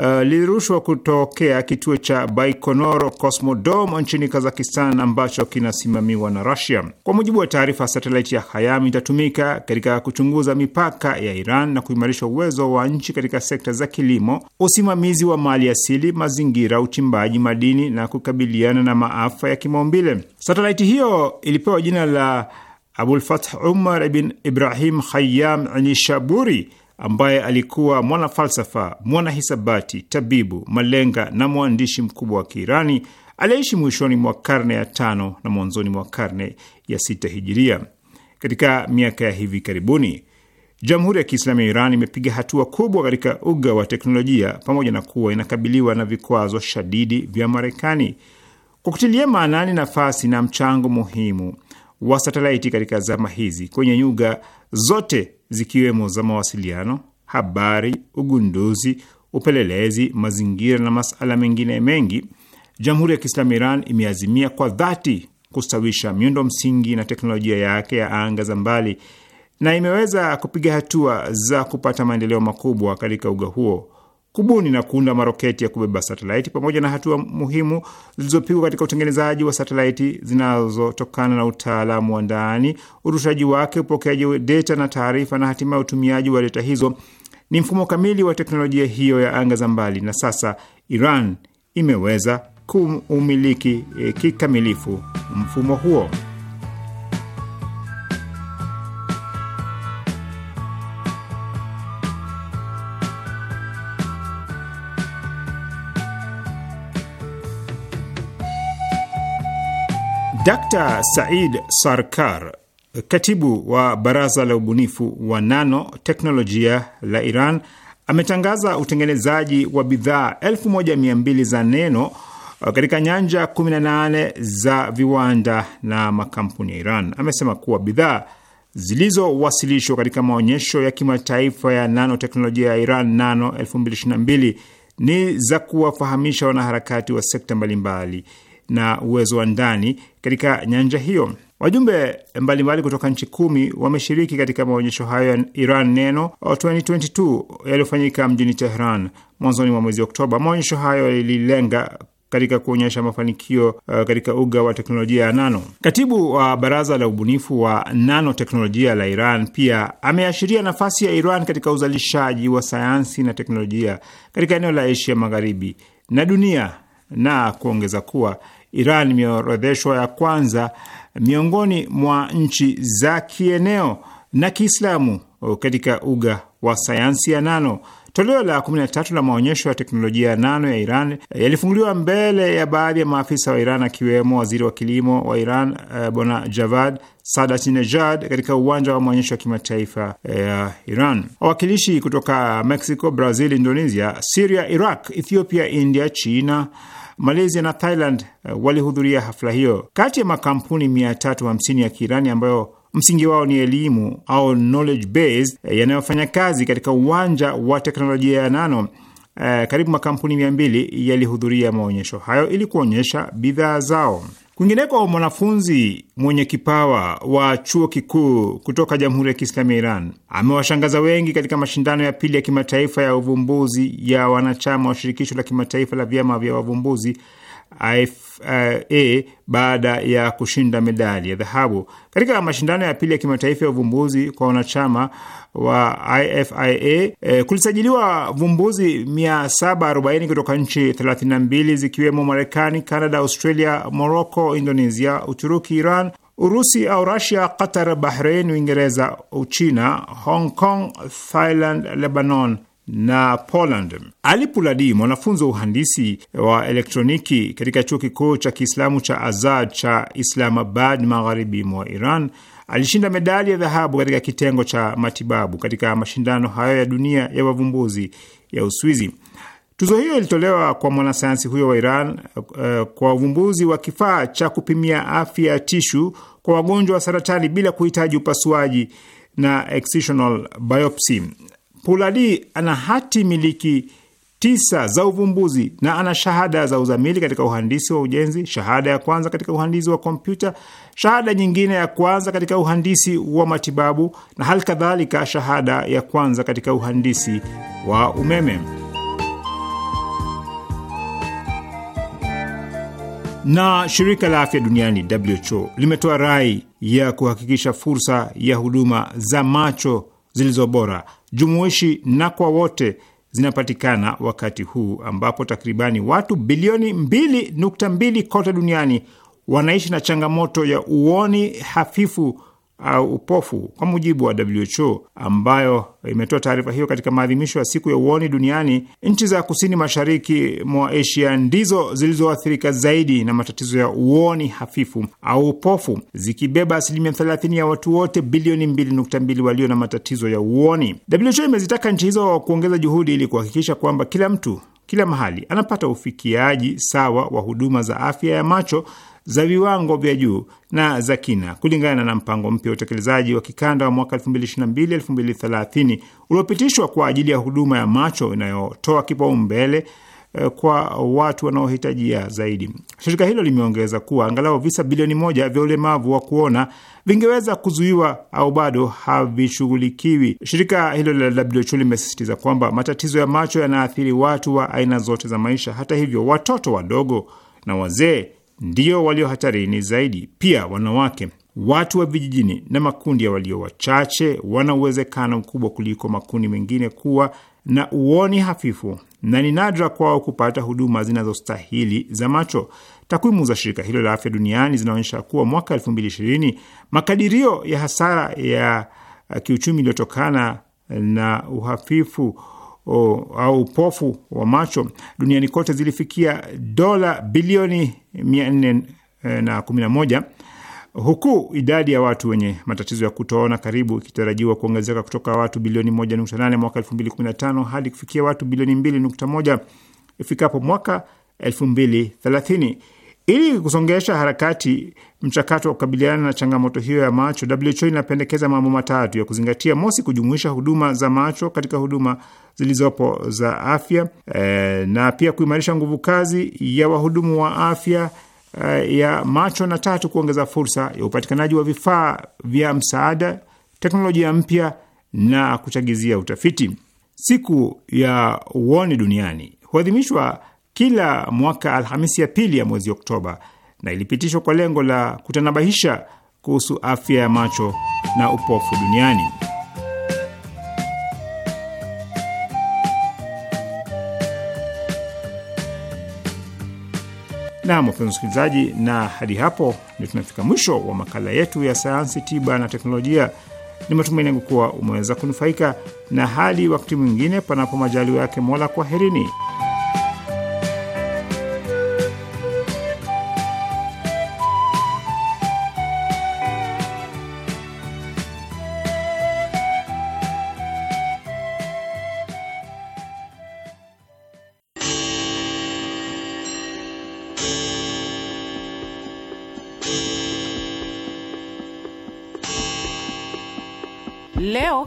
Eh, lilirushwa kutokea kituo cha Baikonoro Cosmodrome nchini Kazakistan ambacho kinasimamiwa na Russia. Kwa mujibu wa taarifa, satelaiti ya Hayam itatumika katika kuchunguza mipaka ya Iran na kuimarisha uwezo wa nchi katika sekta za kilimo, usimamizi wa mali asili, mazingira, uchimbaji madini na kukabiliana na maafa ya kimaumbile. Satelaiti hiyo ilipewa jina la Abulfath Umar bin Ibrahim Khayam Anishaburi ambaye alikuwa mwanafalsafa, mwanahisabati, tabibu, malenga na mwandishi mkubwa wa Kiirani aliyeishi mwishoni mwa karne ya tano na mwanzoni mwa karne ya sita hijiria. Katika miaka ya hivi karibuni, Jamhuri ya Kiislamu ya Iran imepiga hatua kubwa katika uga wa teknolojia, pamoja na kuwa inakabiliwa na vikwazo shadidi vya Marekani. Kwa kutilia maanani nafasi na mchango muhimu wa satelaiti katika zama hizi kwenye nyuga zote zikiwemo za mawasiliano, habari, ugunduzi, upelelezi, mazingira na masuala mengine mengi, Jamhuri ya Kiislamu Iran imeazimia kwa dhati kustawisha miundo msingi na teknolojia yake ya anga za mbali na imeweza kupiga hatua za kupata maendeleo makubwa katika uga huo kubuni na kuunda maroketi ya kubeba satelaiti pamoja na hatua muhimu zilizopigwa katika utengenezaji wa satelaiti zinazotokana na utaalamu wa ndani, urushaji wake, upokeaji data na taarifa, na hatimaye utumiaji wa data hizo, ni mfumo kamili wa teknolojia hiyo ya anga za mbali, na sasa Iran imeweza kuumiliki eh, kikamilifu mfumo huo. Dr. Said Sarkar, katibu wa baraza la ubunifu wa nano teknolojia la Iran, ametangaza utengenezaji wa bidhaa 1200 za neno uh, katika nyanja 18 za viwanda na makampuni ya Iran. Amesema kuwa bidhaa zilizowasilishwa katika maonyesho ya kimataifa ya nanoteknolojia ya Iran Nano 2022 ni za kuwafahamisha wanaharakati wa sekta mbalimbali na uwezo wa ndani katika nyanja hiyo. Wajumbe mbalimbali kutoka nchi kumi wameshiriki katika maonyesho hayo ya Iran Neno 2022 yaliyofanyika mjini Tehran mwanzoni mwa mwezi Oktoba. Maonyesho hayo yalilenga katika kuonyesha mafanikio uh, katika uga wa teknolojia ya nano. Katibu wa baraza la ubunifu wa nanoteknolojia la Iran pia ameashiria nafasi ya Iran katika uzalishaji wa sayansi na teknolojia katika eneo la Asia Magharibi na dunia na kuongeza kuwa Iran imeorodheshwa ya kwanza miongoni mwa nchi za kieneo na Kiislamu katika uga wa sayansi ya nano. Toleo la 13 la maonyesho ya teknolojia ya nano ya Iran yalifunguliwa mbele ya baadhi ya maafisa wa Iran akiwemo waziri wa kilimo wa Iran eh, Bwana Javad nejad katika uwanja wa maonyesho ya kimataifa eh, ya Iran. Wawakilishi kutoka Mexico, Brazil, Indonesia, Siria, Iraq, Ethiopia, India, China Malaysia na Thailand eh, walihudhuria hafla hiyo. Kati ya makampuni 350 ya Kiirani ambayo msingi wao ni elimu au knowledge eh, yanayofanya kazi katika uwanja wa teknolojia ya nano Uh, karibu makampuni mia mbili yalihudhuria maonyesho hayo ili kuonyesha bidhaa zao. Kwingineko, mwanafunzi mwenye kipawa wa chuo kikuu kutoka Jamhuri ya Kiislamu ya Iran amewashangaza wengi katika mashindano ya pili ya kimataifa ya uvumbuzi ya wanachama wa Shirikisho la Kimataifa la Vyama vya Wavumbuzi IFA baada ya kushinda medali ya dhahabu katika mashindano ya pili ya kimataifa ya uvumbuzi kwa wanachama wa IFIA. E, eh, kulisajiliwa vumbuzi 740 kutoka nchi 32 zikiwemo Marekani, Canada, Australia, Morocco, Indonesia, Uturuki, Iran, Urusi au Russia, Qatar, Bahrain, Uingereza, Uchina, Hong Kong, Thailand, Lebanon na Poland. Ali Puladi, mwanafunzi wa uhandisi wa elektroniki katika chuo kikuu cha Kiislamu cha Azad cha Islamabad, magharibi mwa Iran, alishinda medali ya dhahabu katika kitengo cha matibabu katika mashindano hayo ya dunia ya wavumbuzi ya Uswizi. Tuzo hiyo ilitolewa kwa mwanasayansi huyo wa Iran uh, kwa uvumbuzi wa kifaa cha kupimia afya ya tishu kwa wagonjwa wa saratani bila kuhitaji upasuaji na excisional biopsy. Puladi ana hati miliki tisa za uvumbuzi na ana shahada za uzamili katika uhandisi wa ujenzi, shahada ya kwanza katika uhandisi wa kompyuta, shahada nyingine ya kwanza katika uhandisi wa matibabu na hali kadhalika shahada ya kwanza katika uhandisi wa umeme. Na shirika la afya duniani WHO limetoa rai ya kuhakikisha fursa ya huduma za macho zilizo bora, jumuishi na kwa wote zinapatikana wakati huu ambapo takribani watu bilioni 2.2 kote duniani wanaishi na changamoto ya uoni hafifu au upofu kwa mujibu wa WHO ambayo imetoa taarifa hiyo katika maadhimisho ya siku ya uoni duniani. Nchi za kusini mashariki mwa Asia ndizo zilizoathirika zaidi na matatizo ya uoni hafifu au upofu, zikibeba asilimia 30 ya watu wote bilioni 2.2 walio na matatizo ya uoni. WHO imezitaka nchi hizo kuongeza juhudi ili kuhakikisha kwamba kila mtu kila mahali anapata ufikiaji sawa wa huduma za afya ya macho za viwango vya juu na za kina kulingana na mpango mpya wa utekelezaji wa kikanda wa mwaka 2022-2030 uliopitishwa kwa ajili ya huduma ya macho inayotoa kipaumbele eh, kwa watu wanaohitajia zaidi. Shirika hilo limeongeza kuwa angalau visa bilioni moja vya ulemavu wa kuona vingeweza kuzuiwa au bado havishughulikiwi. Shirika hilo la WHO limesisitiza kwamba matatizo ya macho yanaathiri watu wa aina zote za maisha. Hata hivyo, watoto wadogo na wazee ndio walio hatarini zaidi. Pia wanawake, watu wa vijijini na makundi ya walio wachache wana uwezekano mkubwa kuliko makundi mengine kuwa na uoni hafifu na ni nadra kwao kupata huduma zinazostahili za macho. Takwimu za shirika hilo la afya duniani zinaonyesha kuwa mwaka 2020 makadirio ya hasara ya kiuchumi iliyotokana na uhafifu o, au upofu wa macho duniani kote zilifikia dola bilioni 411 eh, huku idadi ya watu wenye matatizo ya kutoona karibu ikitarajiwa kuongezeka kutoka watu bilioni 1.8 mwaka 2015 hadi kufikia watu bilioni 2.1 ifikapo mwaka 2030. Ili kusongesha harakati mchakato wa kukabiliana na changamoto hiyo ya macho, WHO inapendekeza mambo matatu ya kuzingatia: mosi, kujumuisha huduma za macho katika huduma zilizopo za afya e, na pia kuimarisha nguvu kazi ya wahudumu wa afya e, ya macho, na tatu, kuongeza fursa ya upatikanaji wa vifaa vya msaada, teknolojia mpya na kuchagizia utafiti. Siku ya uoni duniani huadhimishwa kila mwaka Alhamisi ya pili ya mwezi Oktoba na ilipitishwa kwa lengo la kutanabahisha kuhusu afya ya macho na upofu duniani. Nam, wapenzi msikilizaji, na hadi hapo ndio tunafika mwisho wa makala yetu ya sayansi, tiba na teknolojia. Ni matumaini yangu kuwa umeweza kunufaika, na hadi wakati mwingine, panapo majaliwa yake Mola, kwaherini.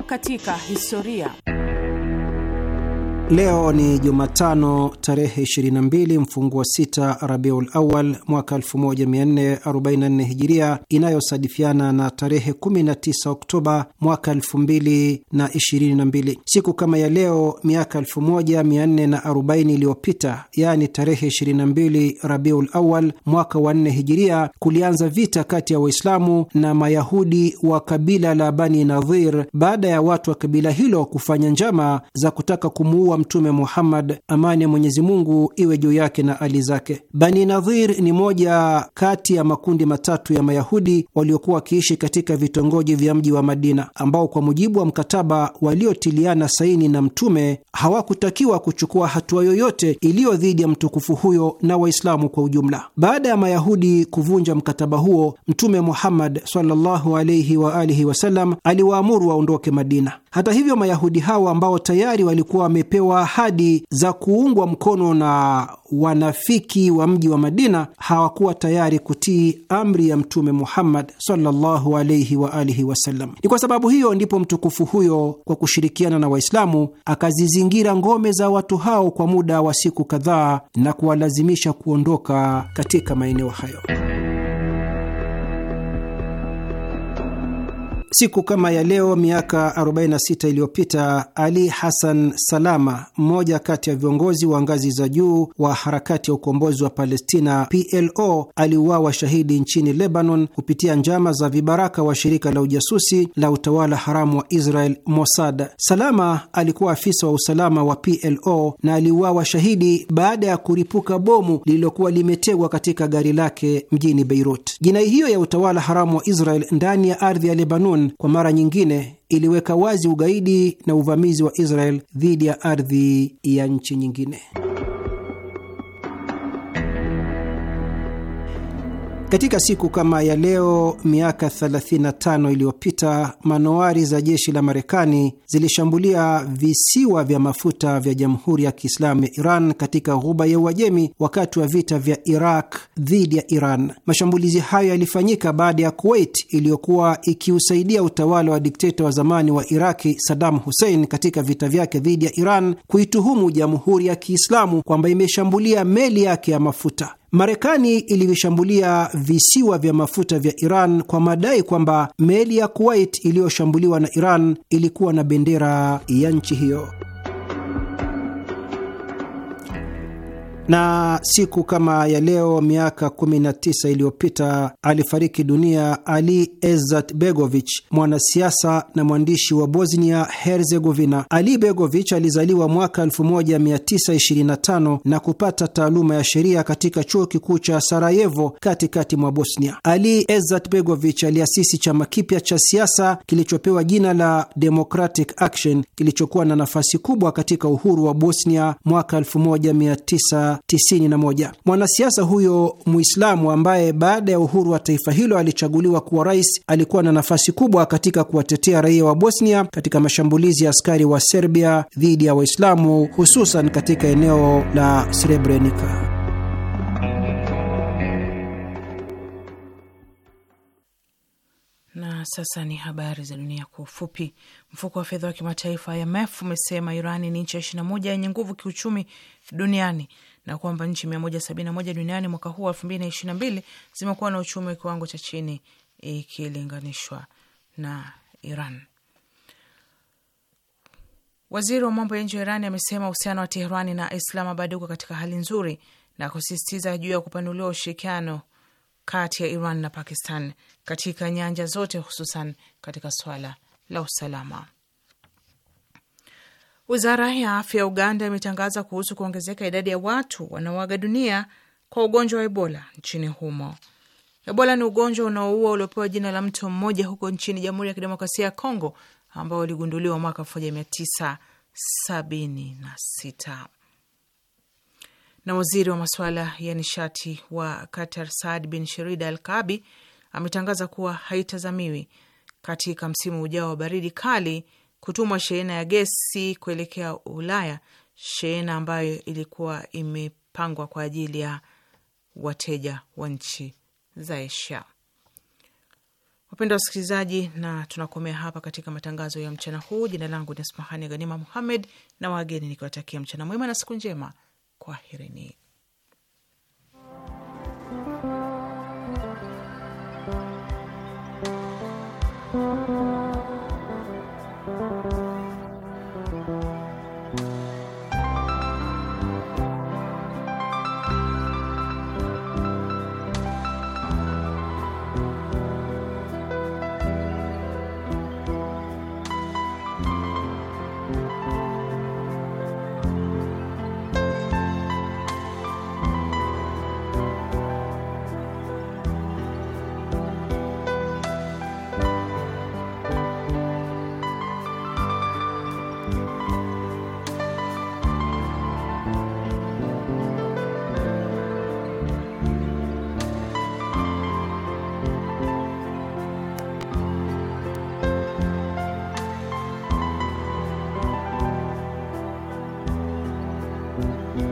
katika historia. Leo ni Jumatano tarehe 22 mfunguwa 6 Rabiul Awal mwaka 1444 Hijiria, inayosadifiana na tarehe 19 Oktoba mwaka 2022. Siku kama ya leo miaka 1440 iliyopita, yaani tarehe 22 Rabiul Awal mwaka wa 4 Hijiria, kulianza vita kati ya Waislamu na Mayahudi wa kabila la Bani Nadhir baada ya watu wa kabila hilo kufanya njama za kutaka kumuua Mtume Muhammad, amani ya Mwenyezi Mungu iwe juu yake na ali zake. Bani Nadhir ni moja kati ya makundi matatu ya Mayahudi waliokuwa wakiishi katika vitongoji vya mji wa Madina, ambao kwa mujibu wa mkataba waliotiliana saini na Mtume hawakutakiwa kuchukua hatua yoyote iliyo dhidi ya mtukufu huyo na Waislamu kwa ujumla. Baada ya Mayahudi kuvunja mkataba huo, Mtume Muhammad sallallahu alayhi wa alihi wasallam aliwaamuru waondoke Madina. Hata hivyo, Mayahudi hao ambao tayari walikuwa wamepewa wa ahadi za kuungwa mkono na wanafiki wa mji wa Madina hawakuwa tayari kutii amri ya Mtume Muhammad sallallahu wa alihi wasallam. Ni kwa sababu hiyo ndipo mtukufu huyo kwa kushirikiana na Waislamu akazizingira ngome za watu hao kwa muda wa siku kadhaa na kuwalazimisha kuondoka katika maeneo hayo. Siku kama ya leo miaka 46 iliyopita Ali Hassan Salama, mmoja kati ya viongozi wa ngazi za juu wa harakati ya ukombozi wa Palestina PLO, aliuawa shahidi nchini Lebanon kupitia njama za vibaraka wa shirika la ujasusi la utawala haramu wa Israel, Mossad. Salama alikuwa afisa wa usalama wa PLO na aliuawa shahidi baada ya kuripuka bomu lililokuwa limetegwa katika gari lake mjini Beirut. Jinai hiyo ya utawala haramu wa Israel ndani ya ardhi ya Lebanon kwa mara nyingine iliweka wazi ugaidi na uvamizi wa Israel dhidi ya ardhi ya nchi nyingine. Katika siku kama ya leo miaka 35 iliyopita manowari za jeshi la Marekani zilishambulia visiwa vya mafuta vya Jamhuri ya Kiislamu ya Iran katika ghuba ya Uajemi wakati wa vita vya Iraq dhidi ya Iran. Mashambulizi hayo yalifanyika baada ya Kuwait iliyokuwa ikiusaidia utawala wa dikteta wa zamani wa Iraki Saddam Hussein katika vita vyake dhidi ya Iran kuituhumu Jamhuri ya Kiislamu kwamba imeshambulia meli yake ya mafuta. Marekani ilivishambulia visiwa vya mafuta vya Iran kwa madai kwamba meli ya Kuwait iliyoshambuliwa na Iran ilikuwa na bendera ya nchi hiyo. na siku kama ya leo miaka 19 iliyopita alifariki dunia Ali Ezat Begovich, mwanasiasa na mwandishi wa Bosnia Herzegovina. Ali Begovich alizaliwa mwaka 1925 na kupata taaluma ya sheria katika chuo kikuu cha Sarajevo, katikati mwa Bosnia. Ali Ezat Begovich aliasisi chama kipya cha siasa kilichopewa jina la Democratic Action kilichokuwa na nafasi kubwa katika uhuru wa Bosnia mwaka 19 1991. Mwanasiasa huyo Muislamu ambaye baada ya uhuru wa taifa hilo alichaguliwa kuwa rais, alikuwa na nafasi kubwa katika kuwatetea raia wa Bosnia katika mashambulizi ya askari wa Serbia dhidi ya Waislamu, hususan katika eneo la Srebrenica. Na sasa ni habari za dunia kwa ufupi. Mfuko wa fedha wa kimataifa IMF e umesema Irani ni nchi ya ishirini na moja yenye nguvu kiuchumi duniani na kwamba nchi 171 duniani mwaka huu 2022 zimekuwa na uchumi wa kiwango cha chini ikilinganishwa na Iran. Waziri wa mambo ya nje wa Iran amesema uhusiano wa tehran na Islamabad uko katika hali nzuri na kusisitiza juu ya kupanuliwa ushirikiano kati ya Iran na Pakistan katika nyanja zote, hususan katika swala la usalama. Wizara ya afya ya Uganda imetangaza kuhusu kuongezeka idadi ya watu wanaoaga dunia kwa ugonjwa wa Ebola nchini humo. Ebola ni ugonjwa unaoua uliopewa jina la mtu mmoja huko nchini Jamhuri ya Kidemokrasia ya Kongo, ambao uligunduliwa mwaka 1976 na waziri wa masuala ya nishati wa Qatar Saad bin sherid Al Kaabi ametangaza kuwa haitazamiwi katika msimu ujao wa baridi kali kutumwa shehena ya gesi kuelekea Ulaya, shehena ambayo ilikuwa imepangwa kwa ajili ya wateja wa nchi za Asia. Wapenda wasikilizaji, na tunakomea hapa katika matangazo ya mchana huu. Jina langu ni Asmahani Ghanima Muhammed na wageni nikiwatakia mchana mwema na siku njema, kwaherini. Thank you.